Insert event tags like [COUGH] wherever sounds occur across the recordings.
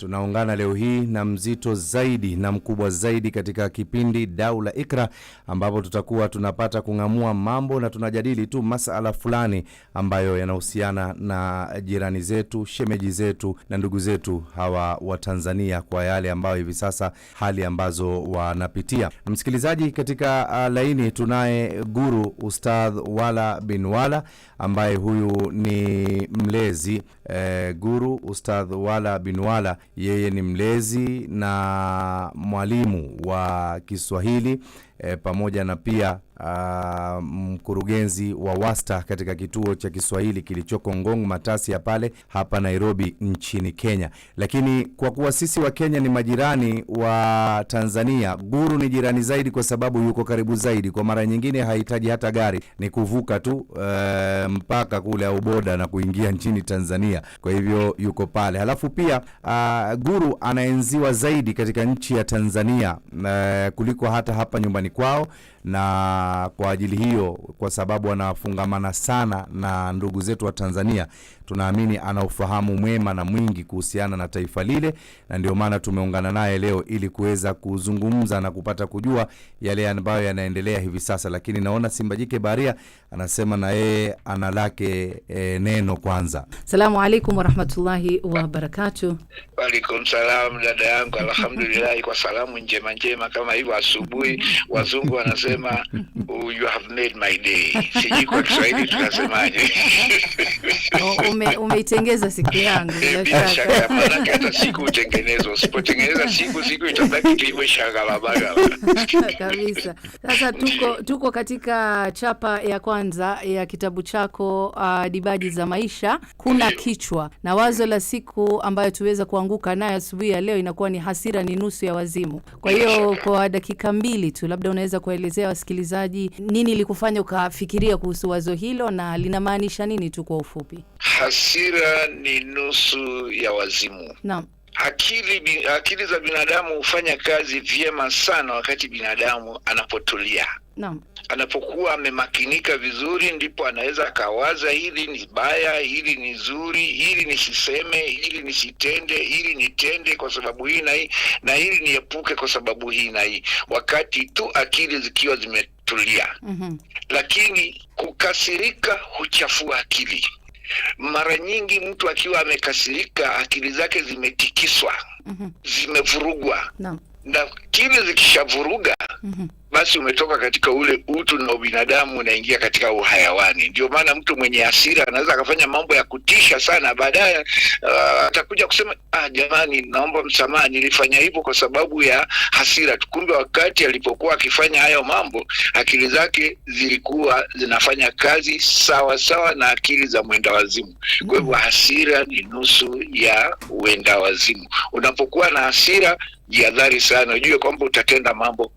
Tunaungana leo hii na mzito zaidi na mkubwa zaidi katika kipindi Dau la Ikra, ambapo tutakuwa tunapata kung'amua mambo na tunajadili tu masala fulani ambayo yanahusiana na jirani zetu, shemeji zetu na ndugu zetu hawa wa Tanzania, kwa yale ambayo hivi sasa hali ambazo wanapitia. Msikilizaji, katika uh, laini tunaye guru Ustadh Wala bin Wala ambaye huyu ni mlezi eh, guru Ustadh Wala Binwala, yeye ni mlezi na mwalimu wa Kiswahili e, pamoja na pia a, ah, mkurugenzi wa wasta katika kituo cha Kiswahili kilichoko Ngong Matasia pale hapa Nairobi nchini Kenya. Lakini kwa kuwa sisi wa Kenya ni majirani wa Tanzania, Guru ni jirani zaidi kwa sababu yuko karibu zaidi. Kwa mara nyingine hahitaji hata gari, ni kuvuka tu e, mpaka kule au boda na kuingia nchini Tanzania. Kwa hivyo yuko pale. Halafu pia a, ah, Guru anaenziwa zaidi katika nchi ya Tanzania e, kuliko hata hapa nyumbani qual, na kwa ajili hiyo, kwa sababu anafungamana sana na ndugu zetu wa Tanzania, tunaamini ana ufahamu mwema na mwingi kuhusiana na taifa lile, na ndio maana tumeungana naye leo ili kuweza kuzungumza na kupata kujua yale ambayo yanaendelea hivi sasa. Lakini naona Simba Jike Baria anasema na yeye ana lake e, neno kwanza. Salamu alaikum warahmatullahi wabarakatu. Waalaikum salam, dada yangu, alhamdulillahi kwa salamu njema njema kama hivyo asubuhi, wazungu wanasema tunasema oh, you have made my day. Sijui kwa Kiswahili tunasemaje? [LAUGHS] Oh, ume, umeitengeza siku yangu eh, bila shaka, maanake hata siku utengenezwa. Usipotengeneza siku, siku itabaki kilivyo shagalabagala [LAUGHS] kabisa. Sasa tuko, tuko katika chapa ya kwanza ya kitabu chako uh, Dibaji za Maisha, kuna Ndiyo. kichwa na wazo la siku ambayo tuweza kuanguka nayo asubuhi ya leo inakuwa ni hasira ni nusu ya wazimu. Kwa hiyo kwa dakika mbili tu labda unaweza kuelezea kuelezea wasikilizaji nini ilikufanya ukafikiria kuhusu wazo hilo na linamaanisha nini tu kwa ufupi? Hasira ni nusu ya wazimu. Naam. Akili, akili za binadamu hufanya kazi vyema sana wakati binadamu anapotulia. Naam anapokuwa amemakinika vizuri, ndipo anaweza akawaza hili ni baya, hili ni zuri, hili nisiseme, hili nisitende, hili nitende kwa sababu hii na hii, na hili niepuke kwa sababu hii na hii, wakati tu akili zikiwa zimetulia. mm -hmm. Lakini kukasirika huchafua akili. Mara nyingi mtu akiwa amekasirika, akili zake zimetikiswa, mm -hmm. zimevurugwa no. na kile zikishavuruga mm -hmm. Basi umetoka katika ule utu na ubinadamu unaingia katika uhayawani. Ndio maana mtu mwenye hasira anaweza akafanya mambo ya kutisha sana, baadaye uh, atakuja kusema ah, jamani, naomba msamaha, nilifanya hivyo kwa sababu ya hasira tu. Kumbe wakati alipokuwa akifanya hayo mambo, akili zake zilikuwa zinafanya kazi sawa sawa na akili za mwenda wazimu. Kwa hivyo mhm. hasira ni nusu ya uenda wazimu. Unapokuwa na hasira, jiadhari sana, ujue kwamba utatenda mambo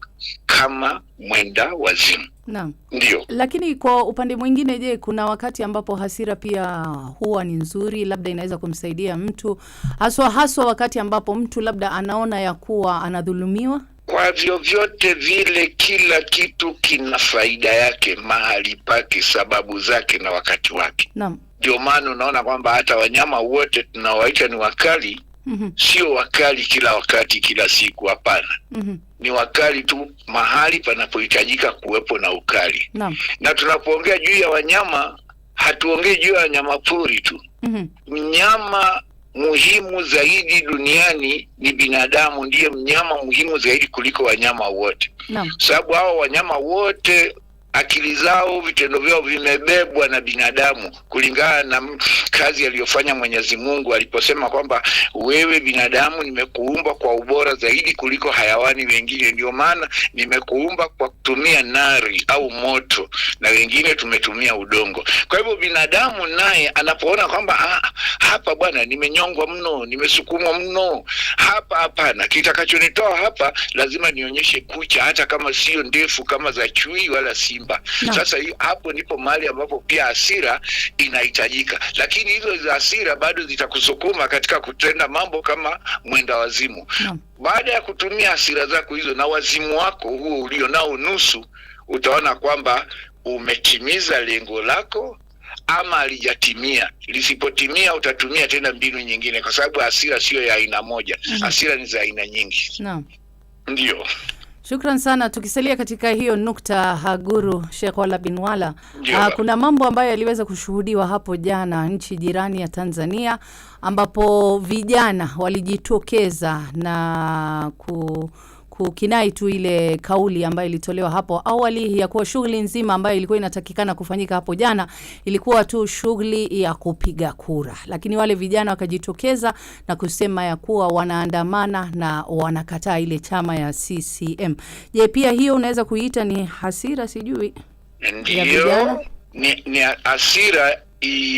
kama mwenda wazimu. nam Ndio. Lakini kwa upande mwingine, je, kuna wakati ambapo hasira pia huwa ni nzuri, labda inaweza kumsaidia mtu haswa haswa wakati ambapo mtu labda anaona ya kuwa anadhulumiwa? Kwa vyovyote vile, kila kitu kina faida yake, mahali pake, sababu zake na wakati wake. Naam. Ndio maana unaona kwamba hata wanyama wote tunawaita ni wakali mm -hmm. Sio wakali kila wakati kila siku, hapana. mm -hmm. Ni wakali tu mahali panapohitajika kuwepo na ukali no. Na tunapoongea juu ya wanyama hatuongei juu ya wanyama pori tu. mm -hmm. Mnyama muhimu zaidi duniani ni binadamu, ndiye mnyama muhimu zaidi kuliko wanyama wote no. Sababu hawa wanyama wote akili zao, vitendo vyao vimebebwa na binadamu, kulingana na kazi aliyofanya Mwenyezi Mungu aliposema kwamba wewe binadamu, nimekuumba kwa ubora bora zaidi kuliko hayawani wengine. Ndio maana nimekuumba kwa kutumia nari au moto, na wengine tumetumia udongo. Kwa hivyo binadamu naye anapoona kwamba ah, hapa bwana, nimenyongwa mno, nimesukumwa mno hapa, hapana, kitakachonitoa hapa lazima nionyeshe kucha, hata kama sio ndefu kama za chui wala simba no. Sasa hiyo hapo ndipo mahali ambapo pia asira inahitajika, lakini hizo za asira bado zitakusukuma katika kutenda mambo kama mwenda wazimu no. Baada ya kutumia hasira zako hizo na wazimu wako huo ulio nao nusu, utaona kwamba umetimiza lengo lako ama alijatimia. Lisipotimia utatumia tena mbinu nyingine, kwa sababu hasira siyo ya aina moja. Mm-hmm. Hasira ni za aina nyingi no. ndio Shukran sana. Tukisalia katika hiyo nukta, Haguru Sheikh Wala bin Wala, ah, kuna mambo ambayo yaliweza kushuhudiwa hapo jana nchi jirani ya Tanzania, ambapo vijana walijitokeza na ku kukinai tu ile kauli ambayo ilitolewa hapo awali ya kuwa shughuli nzima ambayo ilikuwa inatakikana kufanyika hapo jana ilikuwa tu shughuli ya kupiga kura, lakini wale vijana wakajitokeza na kusema ya kuwa wanaandamana na wanakataa ile chama ya CCM. Je, pia hiyo unaweza kuiita ni hasira? Sijui ndio ni, ni hasira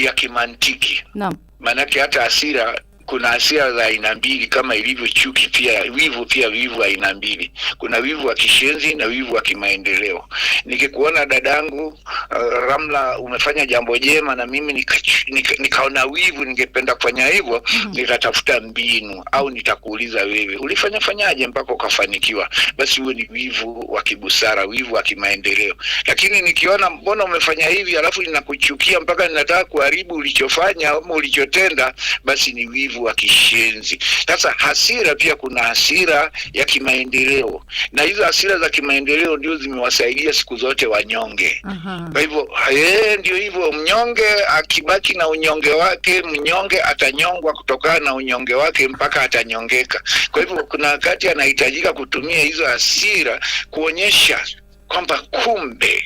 ya kimantiki. Naam, maanake hata hasira kuna hasira za aina mbili kama ilivyo chuki, pia wivu, pia wivu aina mbili. Kuna wivu wa kishenzi na wivu wa kimaendeleo. Nikikuona dadangu uh, Ramla, umefanya jambo jema na mimi nika, nika, nikaona wivu, ningependa kufanya hivyo mm -hmm. mbinu au nitakuuliza wewe ulifanya fanyaje mpaka ukafanikiwa, basi huo ni wivu wa kibusara, wivu wa kimaendeleo. Lakini nikiona mbona umefanya hivi alafu ninakuchukia mpaka ninataka kuharibu ulichofanya ama ulichotenda, basi ni wivu uvivu wa kishenzi. Sasa hasira pia, kuna hasira ya kimaendeleo, na hizo hasira za kimaendeleo ndio zimewasaidia siku zote wanyonge. Kwa hivyo yeye eh, ndio hivyo, mnyonge akibaki na unyonge wake, mnyonge atanyongwa kutokana na unyonge wake mpaka atanyongeka. Kwa hivyo kuna wakati anahitajika kutumia hizo hasira kuonyesha kwamba kumbe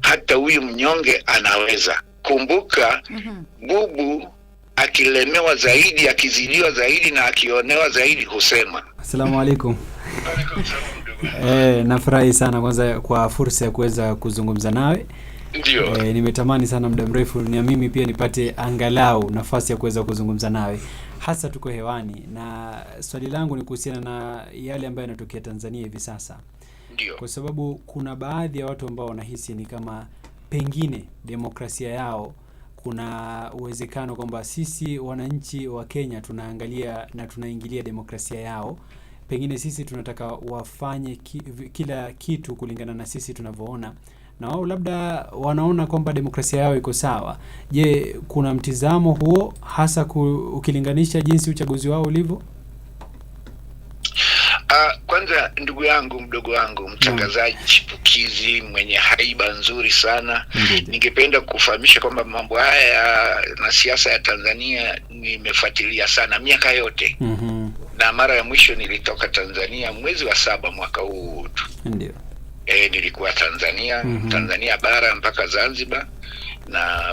hata huyu mnyonge anaweza. Kumbuka, mm -hmm. bubu akilemewa zaidi, akizidiwa zaidi na akionewa zaidi husema. Asalamu alaikum. Eh, nafurahi sana kwanza kwa fursa ya kuweza kuzungumza nawe. Ndio. E, nimetamani sana muda mrefu na mimi pia nipate angalau nafasi ya kuweza kuzungumza nawe, hasa tuko hewani, na swali langu ni kuhusiana na yale ambayo yanatokea Tanzania hivi sasa. Ndio. Kwa sababu kuna baadhi ya watu ambao wanahisi ni kama pengine demokrasia yao kuna uwezekano kwamba sisi wananchi wa Kenya tunaangalia na tunaingilia demokrasia yao. Pengine sisi tunataka wafanye ki, kila kitu kulingana na sisi tunavyoona na wao labda wanaona kwamba demokrasia yao iko sawa. Je, kuna mtizamo huo hasa ku, ukilinganisha jinsi uchaguzi wao ulivyo? Uh, kwanza ndugu yangu mdogo wangu mtangazaji mm. chipukizi mwenye haiba nzuri sana Ndidi. Ningependa kufahamisha kwamba mambo haya na siasa ya Tanzania nimefuatilia sana miaka yote mm -hmm. Na mara ya mwisho nilitoka Tanzania mwezi wa saba mwaka huu tu E, nilikuwa Tanzania mm -hmm. Tanzania bara mpaka Zanzibar na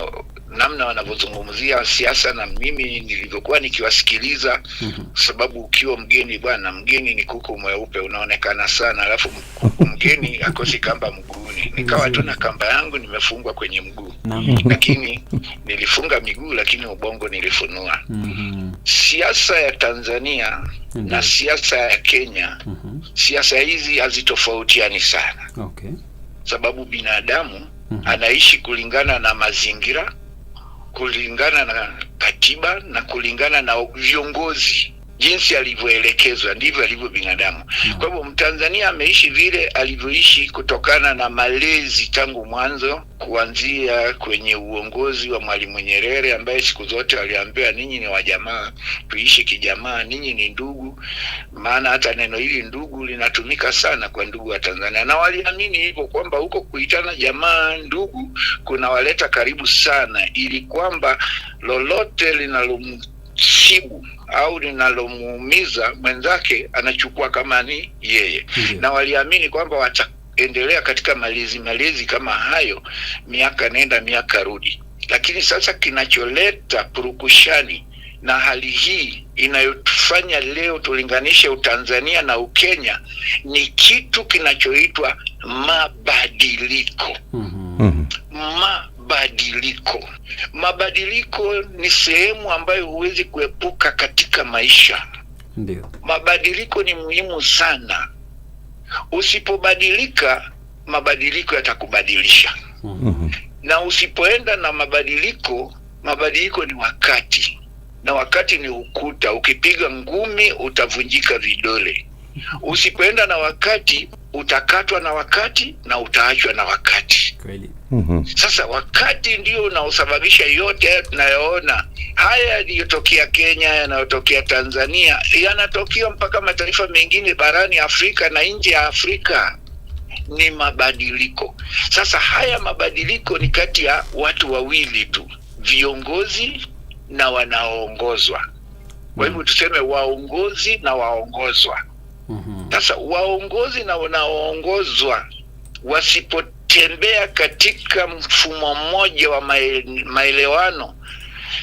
namna wanavyozungumzia siasa na mimi nilivyokuwa nikiwasikiliza mhm. kwa Sababu ukiwa mgeni bwana, mgeni ni kuku mweupe unaonekana sana, alafu mgeni [LAUGHS] akosi kamba mguuni. Nikawa tu na kamba yangu nimefungwa kwenye mguu [LAUGHS] Lakini nilifunga miguu, lakini ubongo nilifunua mhm. Siasa ya Tanzania mhm. na siasa ya Kenya siasa hizi hazitofautiani sana okay. Sababu binadamu anaishi kulingana na mazingira kulingana na katiba na kulingana na viongozi jinsi alivyoelekezwa ndivyo alivyo binadamu. Hmm. Kwa hivyo Mtanzania ameishi vile alivyoishi kutokana na malezi tangu mwanzo, kuanzia kwenye uongozi wa Mwalimu Nyerere ambaye siku zote waliambiwa ninyi ni wajamaa, tuishi kijamaa, ninyi ni ndugu. Maana hata neno hili ndugu linatumika sana kwa ndugu wa Tanzania, na waliamini hivyo kwamba huko kuitana jamaa, ndugu kunawaleta karibu sana, ili kwamba lolote linalomu linalomsibu au linalomuumiza mwenzake anachukua kama ni yeye yeah. Na waliamini kwamba wataendelea katika malezi malezi kama hayo miaka nenda miaka rudi, lakini sasa kinacholeta purukushani na hali hii inayotufanya leo tulinganishe Utanzania na Ukenya ni kitu kinachoitwa mabadiliko mm -hmm. Ma mabadiliko. Mabadiliko ni sehemu ambayo huwezi kuepuka katika maisha. Ndiyo. Mabadiliko ni muhimu sana. Usipobadilika, mabadiliko yatakubadilisha. Mm-hmm. Na usipoenda na mabadiliko, mabadiliko ni wakati, na wakati ni ukuta. Ukipiga ngumi utavunjika vidole. Usipoenda na wakati utakatwa na wakati na utaachwa na wakati. Kweli. Mm -hmm. Sasa wakati ndio unaosababisha yote haya tunayoona haya yaliyotokea Kenya, yanayotokea Tanzania, yanatokea mpaka mataifa mengine barani Afrika na nje ya Afrika ni mabadiliko. Sasa haya mabadiliko ni kati ya watu wawili tu, viongozi na wanaoongozwa. Kwa hivyo mm. tuseme waongozi na waongozwa. Mhm. Sasa mm waongozi na wanaoongozwa wasipotembea katika mfumo mmoja wa maelewano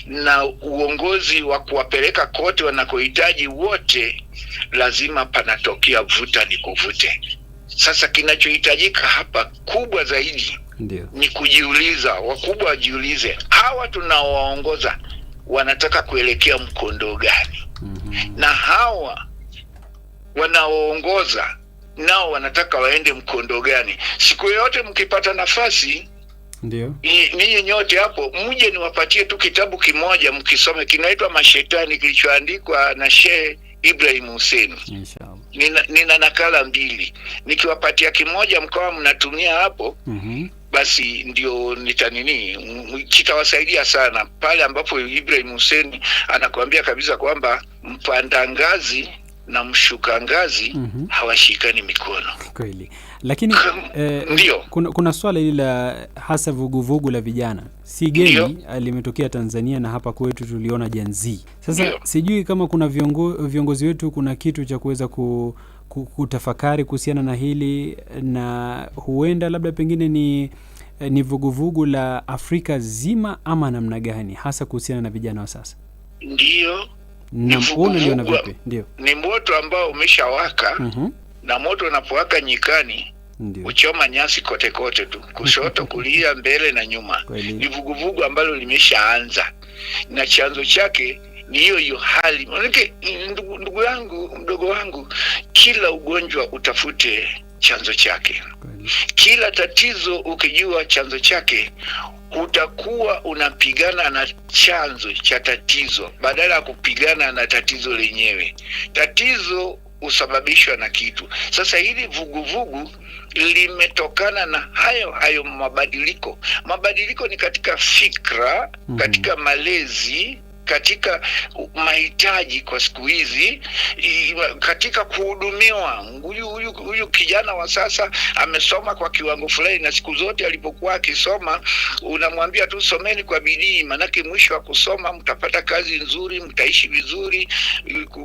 na uongozi wa kuwapeleka kote wanakohitaji wote, lazima panatokea vuta ni kuvute. Sasa kinachohitajika hapa kubwa zaidi Ndiyo. ni kujiuliza, wakubwa wajiulize, hawa tunaowaongoza wanataka kuelekea mkondo gani? mm -hmm. na hawa wanaoongoza nao wanataka waende mkondo gani. Siku yoyote mkipata nafasi ndio ninyi nyote hapo mje niwapatie tu kitabu kimoja mkisome, kinaitwa Mashetani, kilichoandikwa na Sheikh Ibrahim Hussein. Inshallah. Nina, nina nakala mbili, nikiwapatia kimoja mkawa mnatumia hapo mm -hmm. Basi ndio nitanini, kitawasaidia sana pale ambapo Ibrahim Hussein anakuambia kabisa kwamba mpanda ngazi na mshuka ngazi mm -hmm. hawashikani mikono kweli, lakini eh, kuna, kuna swala hili la hasa vuguvugu vugu la vijana si geni, ah, limetokea Tanzania na hapa kwetu tuliona Janzii. Sasa Ndiyo. sijui kama kuna viongo, viongozi wetu kuna kitu cha kuweza ku, ku, kutafakari kuhusiana na hili na huenda labda pengine ni eh, ni vuguvugu vugu la Afrika zima ama namna gani hasa kuhusiana na vijana wa sasa? Ndio ndio ni moto ambao umeshawaka mm -hmm. na moto unapowaka nyikani Ndiyo. Uchoma nyasi kote kote tu kushoto [LAUGHS] kulia mbele na nyuma. Ni vuguvugu ambalo limeshaanza na chanzo chake ni hiyo hiyo hali. Manake ndugu, ndugu yangu mdogo wangu, kila ugonjwa utafute chanzo chake, kila tatizo ukijua chanzo chake utakuwa unapigana na chanzo cha tatizo badala ya kupigana na tatizo lenyewe. Tatizo husababishwa na kitu. Sasa hili vuguvugu limetokana na hayo hayo mabadiliko. Mabadiliko ni katika fikra, mhm. katika malezi katika mahitaji kwa siku hizi, katika kuhudumiwa. Huyu huyu huyu kijana wa sasa amesoma kwa kiwango fulani, na siku zote alipokuwa akisoma unamwambia tu someni kwa bidii, manake mwisho wa kusoma mtapata kazi nzuri, mtaishi vizuri.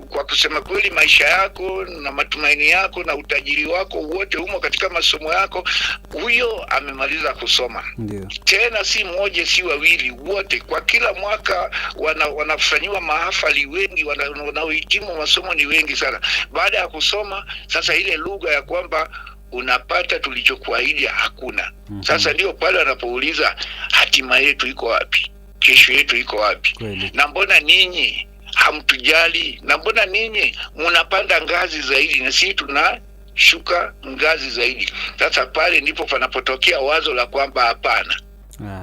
Kwa kusema kweli, maisha yako na matumaini yako na utajiri wako wote umo katika masomo yako. Huyo amemaliza kusoma. Ndiyo. Tena si mmoja si wawili, wote kwa kila mwaka wana wanafanyiwa mahafali wengi, wanaohitimu masomo ni wengi sana. Baada ya kusoma sasa, ile lugha ya kwamba unapata tulichokuahidi hakuna. mm -hmm. Sasa ndio pale wanapouliza hatima yetu iko wapi, kesho yetu iko wapi? Na mbona ninyi hamtujali? Na mbona ninyi mnapanda ngazi zaidi na sisi tuna shuka ngazi zaidi? Sasa pale ndipo panapotokea wazo la kwamba hapana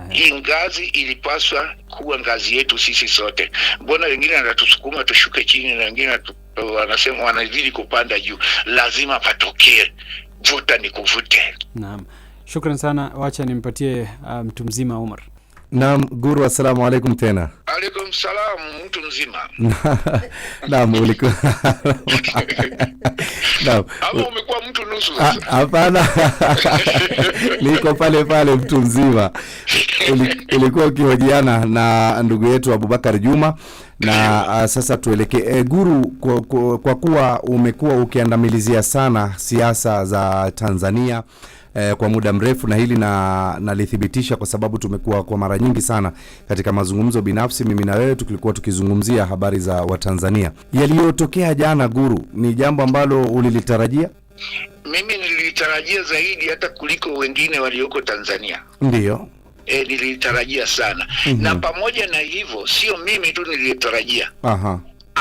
hii ngazi ilipaswa kuwa ngazi yetu sisi sote. Mbona wengine wanatusukuma tushuke chini na wengine wanasema wanazidi kupanda juu? Lazima patokee vuta ni kuvute. Naam, shukran sana, wacha nimpatie uh, mtu um, mzima Omar. Naam, Guru, assalamu alaikum tena kumsalamu mtu mzima [LAUGHS] naam, ulikuwa [LAUGHS] naam, umekuwa mtu nusu ah, Hapana, [LAUGHS] niko pale pale mtu mzima. Ulikuwa ukihojiana na ndugu yetu Abubakar Juma na uh, sasa tuelekee eh, Guru, kwa, kwa, kwa kuwa umekuwa ukiandamilizia sana siasa za Tanzania eh, kwa muda mrefu, na hili na nalithibitisha kwa sababu tumekuwa kwa mara nyingi sana katika mazungumzo binafsi, mimi na wewe tulikuwa tukizungumzia habari za Watanzania. Yaliyotokea jana, Guru, ni jambo ambalo ulilitarajia? Mimi nilitarajia zaidi hata kuliko wengine walioko Tanzania, ndio E, nilitarajia sana mm -hmm. Na pamoja na hivyo sio mimi tu nilitarajia. Aha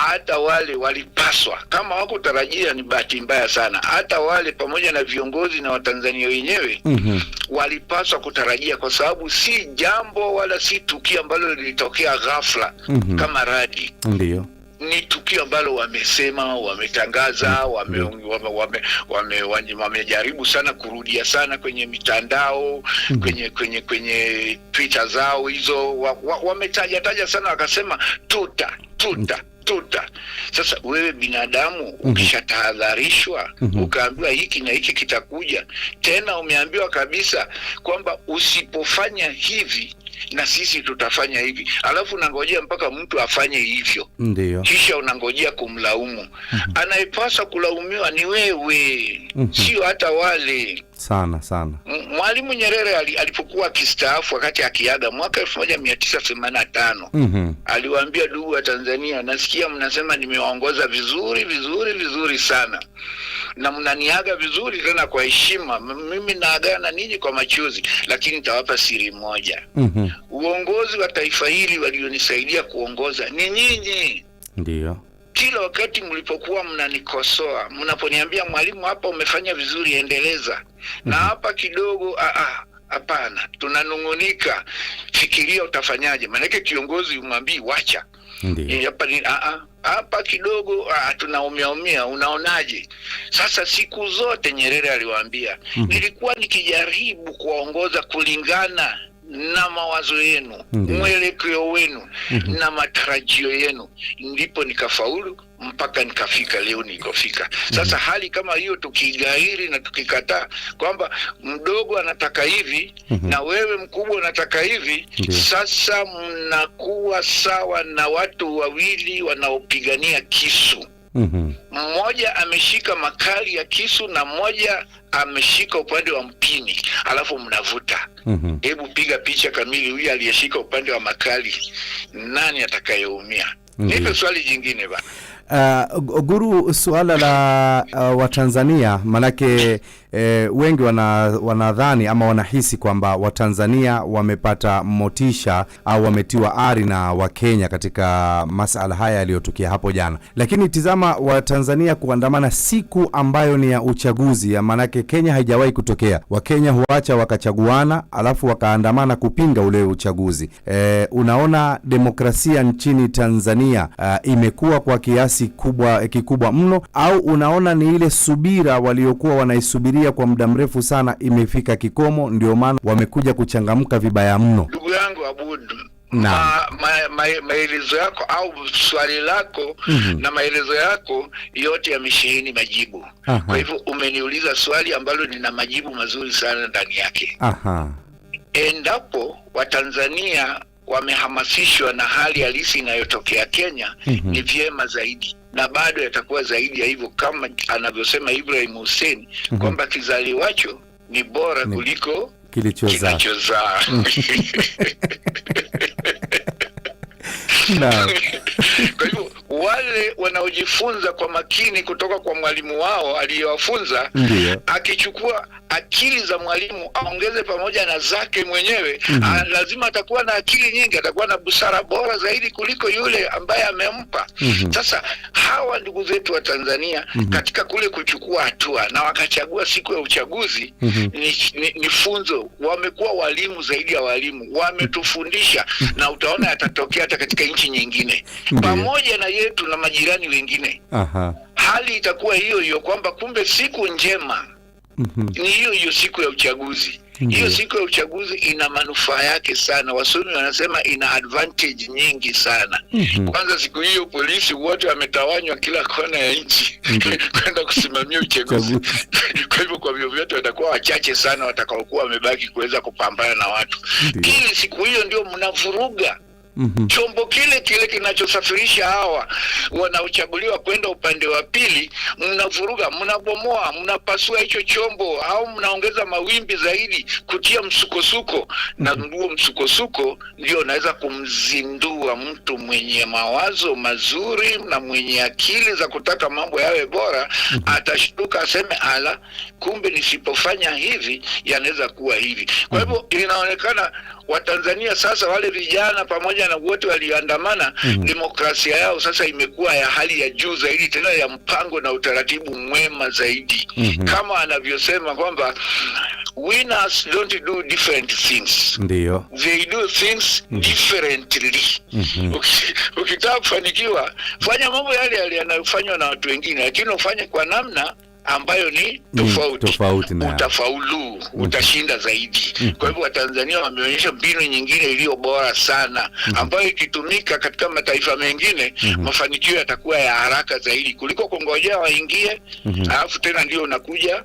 hata wale walipaswa, kama wakutarajia, ni bahati mbaya sana. Hata wale pamoja na viongozi na Watanzania wenyewe mm -hmm. walipaswa kutarajia, kwa sababu si jambo wala si tukio ambalo lilitokea ghafla mm -hmm. kama radi, ndio ni tukio ambalo wamesema, wametangaza, mhm. wamejaribu wame, wame, wame, wame, wame sana kurudia sana kwenye mitandao mm. kwenye kwenye kwenye Twitter zao hizo wametajataja wa, wa sana, wakasema tuta tuta mm utatuta. Sasa wewe binadamu mhm. ukishatahadharishwa mm -hmm. ukaambiwa hiki na hiki kitakuja, tena umeambiwa kabisa kwamba usipofanya hivi na sisi tutafanya hivi, alafu unangojea mpaka mtu afanye hivyo, ndio kisha unangojea kumlaumu. mm -hmm. Anayepaswa kulaumiwa ni wewe, mm -hmm. sio hata wale sana sana. Mwalimu Nyerere alipokuwa akistaafu, wakati akiaga mwaka elfu moja mia tisa themanini na tano mm -hmm. aliwaambia ndugu wa Tanzania, nasikia mnasema nimewaongoza vizuri vizuri vizuri sana na mnaniaga vizuri tena kwa heshima. Mimi naagana ninyi kwa machozi, lakini nitawapa siri moja mm -hmm. uongozi wa taifa hili walionisaidia kuongoza ni nyinyi, ndio kila wakati mlipokuwa mnanikosoa, mnaponiambia mwalimu, hapa umefanya vizuri, endeleza na mhm. hapa kidogo -a. Ah, ah, hapana, tunanung'unika. Fikiria utafanyaje, maanake kiongozi umwambii wacha hapa ni ah, hapa kidogo tunaumiaumia, unaonaje? Sasa siku zote Nyerere aliwaambia, mhm. nilikuwa nikijaribu kuwaongoza kulingana na mawazo yenu, mwelekeo wenu mhm. na matarajio yenu, ndipo nikafaulu mpaka nikafika leo nilikofika. Mhm. Sasa hali kama hiyo tukigairi na tukikataa kwamba mdogo anataka hivi mhm. na wewe mkubwa unataka hivi, sasa mnakuwa sawa na watu wawili wanaopigania kisu mm -hmm. Mmoja ameshika makali ya kisu na mmoja ameshika upande wa mpini, alafu mnavuta. Mhm. Hebu mm -hmm. piga picha kamili, huyu aliyeshika upande wa makali nani atakayeumia? mm -hmm. Nipe swali jingine bana. Uh, guru, suala la uh, Watanzania manake e, wengi wana, wanadhani ama wanahisi kwamba Watanzania wamepata motisha au wametiwa ari na Wakenya katika masala haya yaliyotukia hapo jana, lakini tizama Watanzania kuandamana siku ambayo ni ya uchaguzi, maanake Kenya haijawahi kutokea. Wakenya huacha wakachaguana, alafu wakaandamana kupinga ule uchaguzi. E, unaona demokrasia nchini Tanzania e, imekuwa kwa kiasi kubwa, kikubwa mno, au unaona ni ile subira waliokuwa wanaisubiria wanavumilia kwa muda mrefu sana imefika kikomo, ndio maana wamekuja kuchangamka vibaya mno. Ndugu yangu Abudu, maelezo yako au swali lako mm -hmm. na maelezo yako yote yamesheheni majibu. Aha. Kwa hivyo umeniuliza swali ambalo lina majibu mazuri sana ndani yake. Aha. Endapo Watanzania wamehamasishwa na hali halisi inayotokea Kenya mm -hmm. ni vyema zaidi na bado yatakuwa zaidi ya hivyo, kama anavyosema Ibrahim Hussein mm -hmm. kwamba kizaliwacho ni bora ni kuliko kilichozaa kinachozaa. Mhm. [LAUGHS] Kwa hivyo wale wanaojifunza kwa makini kutoka kwa mwalimu wao aliyewafunza, akichukua akili za mwalimu aongeze pamoja na zake mwenyewe mm -hmm. Lazima atakuwa na akili nyingi, atakuwa na busara bora zaidi kuliko yule ambaye amempa. mm -hmm. Sasa hawa ndugu zetu wa Tanzania mm -hmm. katika kule kuchukua hatua na wakachagua siku ya uchaguzi mm -hmm. ni, ni, ni funzo, wamekuwa walimu zaidi ya walimu, wametufundisha mhm. na utaona yatatokea hata katika nchi nyingine pamoja na yetu na majirani wengine. Aha. Hali itakuwa hiyo hiyo kwamba kumbe siku njema mm -hmm. ni hiyo hiyo siku ya uchaguzi hiyo Siku ya uchaguzi ina manufaa yake sana, wasuni wanasema ina advantage nyingi sana mm -hmm. Kwanza siku hiyo polisi wote wametawanywa kila kona ya nchi mm -hmm. [LAUGHS] kwenda kusimamia uchaguzi [LAUGHS] kwa hivyo, kwa vyovyote watakuwa wachache sana watakaokuwa wamebaki kuweza kupambana na watu. Pili, siku hiyo ndio mnavuruga Mm -hmm. Chombo kile kile kinachosafirisha hawa wanaochaguliwa kwenda upande wa pili, mnavuruga, mnabomoa, mnapasua hicho chombo au mnaongeza mawimbi zaidi kutia msukosuko. Mm -hmm. Na mhm. huo msukosuko ndio unaweza kumzindua mtu mwenye mawazo mazuri na mwenye akili za kutaka mambo yawe bora. Mm -hmm. Atashtuka aseme, ala, kumbe nisipofanya hivi yanaweza kuwa hivi. Kwa mhm. hivyo, mm -hmm. inaonekana Watanzania sasa wale vijana pamoja na wote walioandamana mm -hmm. Demokrasia yao sasa imekuwa ya hali ya juu zaidi, tena ya mpango na utaratibu mwema zaidi mm -hmm. Kama anavyosema kwamba winners don't do different things, ndio they do things mm -hmm. differently mm -hmm. Ukitaka kufanikiwa, fanya mambo yale yale yanayofanywa na watu wengine, lakini ufanye kwa namna ambayo ni mm, tofauti, tofauti na utafaulu, mm. utashinda zaidi. Mm. Kwa hivyo Watanzania wameonyesha mbinu nyingine iliyo bora sana ambayo ikitumika katika mataifa mengine mm-hmm. mafanikio yatakuwa ya haraka zaidi kuliko kungojea waingie, mm-hmm. alafu tena ndio unakuja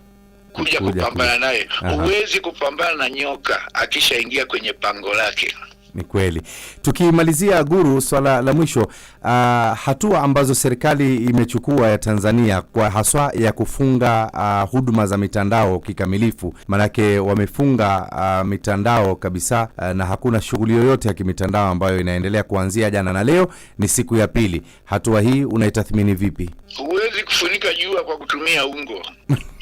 kuja kupambana naye. Huwezi kupambana na nyoka akishaingia kwenye pango lake. Ni kweli. Tukimalizia Guru, swala la mwisho Uh, hatua ambazo serikali imechukua ya Tanzania kwa haswa ya kufunga uh, huduma za mitandao kikamilifu, maanake wamefunga uh, mitandao kabisa uh, na hakuna shughuli yoyote ya kimitandao ambayo inaendelea kuanzia jana na leo ni siku ya pili. Hatua hii unaitathmini vipi? Huwezi kufunika jua kwa kutumia ungo [LAUGHS]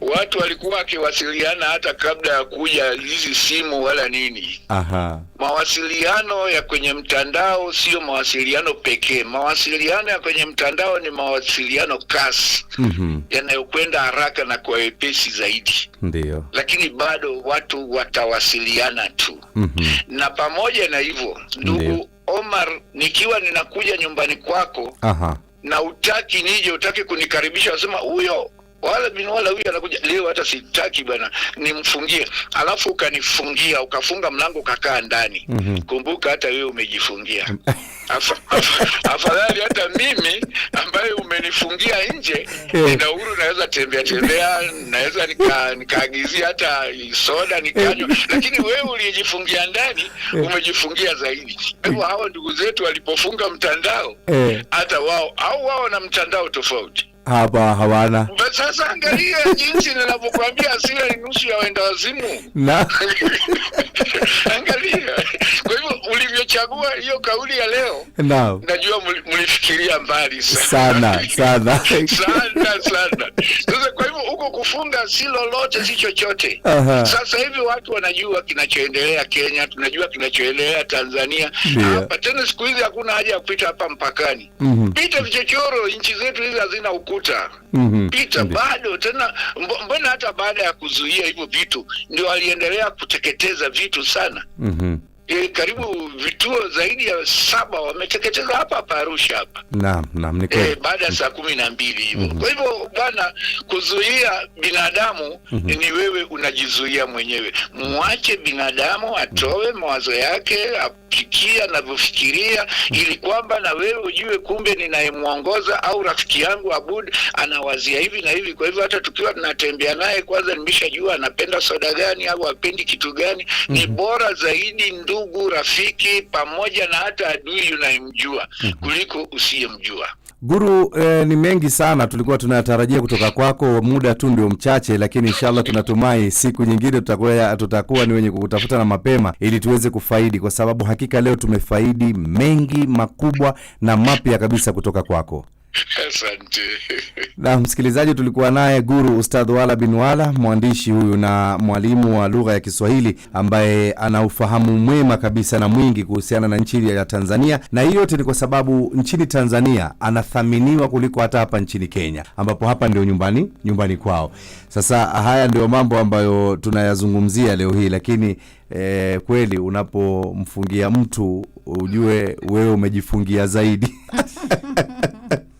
watu walikuwa wakiwasiliana hata kabla ya kuja hizi simu wala nini. Aha. Mawasiliano ya kwenye mtandao sio mawasiliano pekee. Mawasiliano ya kwenye mtandao ni mawasiliano kasi, mm -hmm. yanayokwenda haraka na kwa wepesi zaidi, Ndiyo. lakini bado watu watawasiliana tu, mm -hmm. na pamoja na hivyo, ndugu Omar, nikiwa ninakuja nyumbani kwako, aha na utaki nije utaki kunikaribisha, wasema huyo wala bin wala huyu anakuja leo, hata sitaki bwana nimfungie, alafu ukanifungia ukafunga mlango ukakaa ndani mm -hmm. Kumbuka hata wewe umejifungia mm. afadhali hata mimi ambaye umenifungia nje yeah. Nina uhuru, naweza tembea tembea, naweza nikaagizia nika hata soda nikanywa, eh. lakini wewe uliyejifungia ndani eh. umejifungia zaidi. Eh. Hao ndugu zetu walipofunga mtandao, hata wao au wao na mtandao tofauti hapa hawana. Sasa angalia [LAUGHS] jinsi ninavyokuambia asili ni nusu ya wenda wazimu. Na [LAUGHS] angalia. Kwa hivyo ulivyochagua hiyo kauli ya leo. Naam. Najua mlifikiria mbali sana. Sana, sana. [LAUGHS] sana, sana. Sasa kwa hivyo huko kufunga si lolote si chochote. Uh -huh. Sasa hivi watu wanajua kinachoendelea Kenya, tunajua kinachoendelea Tanzania. Yeah. Hapa tena siku hizi hakuna haja ya kupita hapa mpakani. Mm -hmm. Pita vichochoro nchi zetu hizi hazina ukuta. Pita mm -hmm. Pita bado tena, mbona hata baada ya kuzuia hivyo vitu ndio aliendelea kuteketeza vitu sana mm -hmm e, karibu vituo zaidi ya saba wameteketeza hapa hapa Arusha hapa. Naam, naam ni eh, kweli. E, baada ya saa kumi na mbili hivyo. Mhm. Kwa hivyo bwana, kuzuia binadamu mm -hmm. ni wewe unajizuia mwenyewe. Mwache binadamu atoe mhm. mawazo yake apikia anavyofikiria mm -hmm. ili kwamba na wewe ujue kumbe ninayemwongoza au rafiki yangu Abud anawazia hivi na hivi. Kwa hivyo hata tukiwa tunatembea naye, kwanza nimeshajua anapenda soda gani au apendi kitu gani. mm -hmm. ni mhm. bora zaidi ndu ndugu, rafiki, pamoja na hata adui unayemjua mhm. kuliko usiyemjua. Guru, eh, ni mengi sana tulikuwa tunatarajia kutoka kwako, muda tu ndio mchache, lakini inshallah tunatumai siku nyingine tutakuwa, tutakuwa ni wenye kukutafuta na mapema ili tuweze kufaidi, kwa sababu hakika leo tumefaidi mengi makubwa na mapya kabisa kutoka kwako. [LAUGHS] Asante. Na msikilizaji, tulikuwa naye Guru Ustadh Wala bin Wala, mwandishi huyu na mwalimu wa lugha ya Kiswahili ambaye ana ufahamu mwema kabisa na mwingi kuhusiana na nchi ya Tanzania, na hii yote ni kwa sababu nchini Tanzania anathaminiwa kuliko hata hapa nchini Kenya, ambapo hapa ndio nyumbani nyumbani kwao. Sasa haya ndio mambo ambayo tunayazungumzia leo hii, lakini eh, kweli unapomfungia mtu ujue wewe umejifungia zaidi [LAUGHS]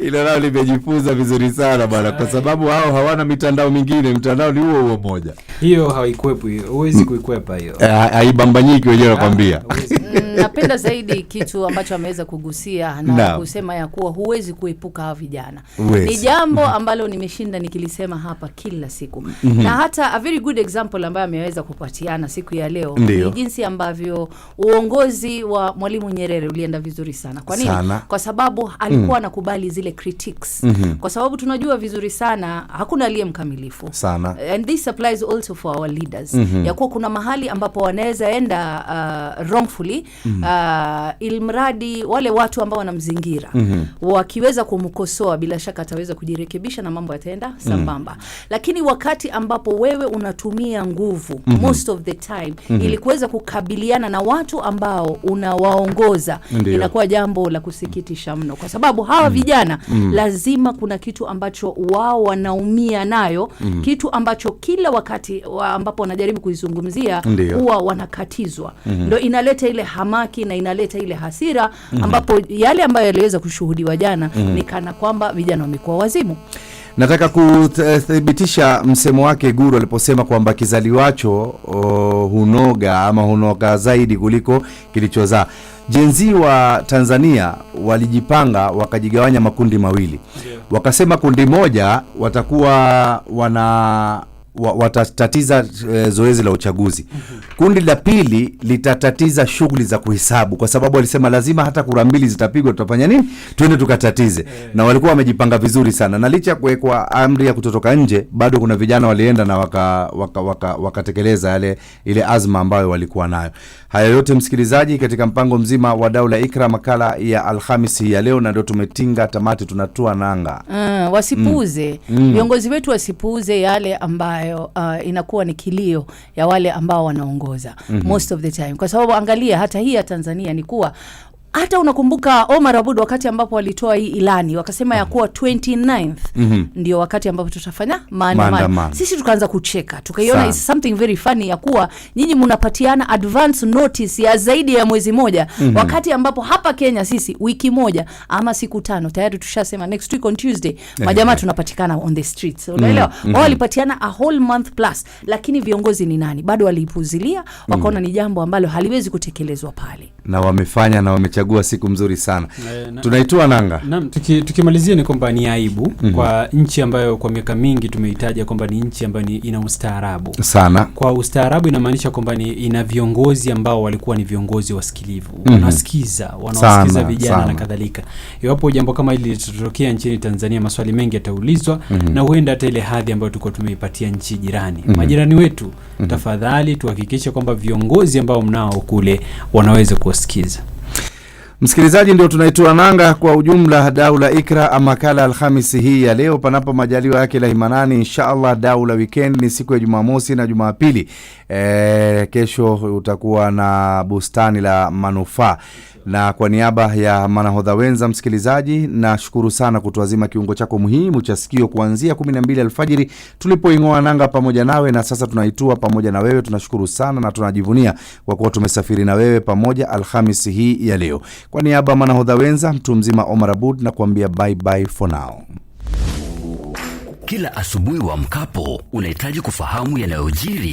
Hilo nao limejifunza vizuri sana bwana, kwa sababu hao hawana mitandao mingine. Mtandao ni huo huo moja, hiyo haikuepo, hiyo huwezi mm. kuikwepa hiyo, eh, haibambanyiki. Wenyewe ah, nakwambia. Mm, napenda zaidi kitu ambacho ameweza kugusia na no. kusema ya kuwa huwezi kuepuka hao vijana. Ni jambo mm-hmm. ambalo nimeshinda nikilisema hapa kila siku mm -hmm. na hata a very good example ambayo ameweza kupatiana siku ya leo ni jinsi ambavyo uongozi wa Mwalimu Nyerere ulienda vizuri sana. Kwa nini? Kwa sababu alikuwa mm. anakubali mm. zile zile critics mm -hmm. kwa sababu tunajua vizuri sana hakuna aliye mkamilifu sana, and this applies also for our leaders mm -hmm. ya kuwa kuna mahali ambapo wanaweza enda uh, wrongfully mm -hmm. uh, ilmradi wale watu ambao wanamzingira mm -hmm. wakiweza kumkosoa, bila shaka ataweza kujirekebisha na mambo yataenda mhm. sambamba mm -hmm. lakini wakati ambapo wewe unatumia nguvu mm -hmm. most of the time mm -hmm. ili kuweza kukabiliana na watu ambao unawaongoza, inakuwa jambo la kusikitisha mno, kwa sababu hawa mm -hmm. vijana mm. Lazima kuna kitu ambacho wao wanaumia nayo mm. Kitu ambacho kila wakati wa ambapo wanajaribu kuizungumzia huwa wanakatizwa mm. inaleta ile hamaki na inaleta ile hasira mm-hmm. ambapo yale ambayo yaliweza kushuhudiwa jana mm. Ni kana kwamba vijana wamekuwa wazimu. Nataka kuthibitisha msemo wake Guru aliposema kwamba kizaliwacho oh, hunoga ama hunoga zaidi kuliko kilichozaa. Jenzi wa Tanzania walijipanga wakajigawanya makundi mawili, wakasema kundi moja watakuwa wana watatatiza e, zoezi la uchaguzi. Kundi la pili litatatiza shughuli za kuhesabu, kwa sababu walisema lazima hata kura mbili zitapigwa, tutafanya nini? Tuende tukatatize. Eh. Na walikuwa wamejipanga vizuri sana, na licha ya kuwekwa amri ya kutotoka nje, bado kuna vijana walienda na wakatekeleza waka, waka, waka yale ile azma ambayo walikuwa nayo. Haya yote msikilizaji, katika mpango mzima wa dau la Ikra, makala ya Alhamisi ya leo, na ndio tumetinga tamati, tunatua nanga. Mm, wasipuuze viongozi mm. mm. wetu wasipuuze yale ambayo ambayo uh, inakuwa ni kilio ya wale ambao wanaongoza mm -hmm. most of the time, kwa sababu angalia hata hii ya Tanzania ni kuwa hata unakumbuka Omar Abud wakati ambapo walitoa hii ilani wakasema ya kuwa 29th mm -hmm. ndio wakati ambapo tutafanya maandamano. Sisi tukaanza kucheka tukaiona is something very funny ya kuwa nyinyi mnapatiana advance notice ya zaidi ya mwezi moja mm -hmm. wakati ambapo hapa Kenya sisi wiki moja ama siku tano tayari tushasema next week on Tuesday eh. majamaa tunapatikana on the streets, unaelewa? mm -hmm. wao mhm. walipatiana a whole month plus, lakini viongozi ni nani bado waliipuzilia, mhm. wakaona mm -hmm. ni jambo ambalo haliwezi kutekelezwa pale, na wamefanya na wamechagua umechagua siku mzuri sana eh, na, tunaitua nanga naam. Tukimalizia tuki ni kwamba ni aibu mm -hmm. kwa nchi ambayo kwa miaka mingi tumeitaja kwamba ni nchi ambayo ni, ina ustaarabu sana. Kwa ustaarabu inamaanisha kwamba ina viongozi ambao walikuwa ni viongozi wasikilivu mm -hmm. wanasikiza, wanaosikiza vijana sana. na kadhalika. Iwapo jambo kama hili litatokea nchini Tanzania, maswali mengi yataulizwa mm -hmm. na huenda hata ile hadhi ambayo tulikuwa tumeipatia nchi jirani mm -hmm. majirani wetu mm -hmm. tafadhali tuhakikishe kwamba viongozi ambao mnao kule wanaweza kuwasikiza. Msikilizaji, ndio tunaitua nanga kwa ujumla Daula Ikra amakala Alhamisi hii ya leo, panapo majaliwa yake lahimanani, insha dau Daula Weekend ni siku ya Jumamosi na Jumapili. E, kesho utakuwa na bustani la manufaa na kwa niaba ya manahodha wenza, msikilizaji, nashukuru sana kutuazima kiungo chako muhimu cha sikio kuanzia 12 alfajiri tulipoing'oa nanga pamoja nawe, na sasa tunaitua pamoja na wewe. Tunashukuru sana na tunajivunia kwa kuwa tumesafiri na wewe pamoja alhamis hii ya leo. Kwa niaba ya manahodha wenza, mtu mzima Omar Abud na kuambia bye bye for now. Kila asubuhi wa mkapo unahitaji kufahamu yanayojiri.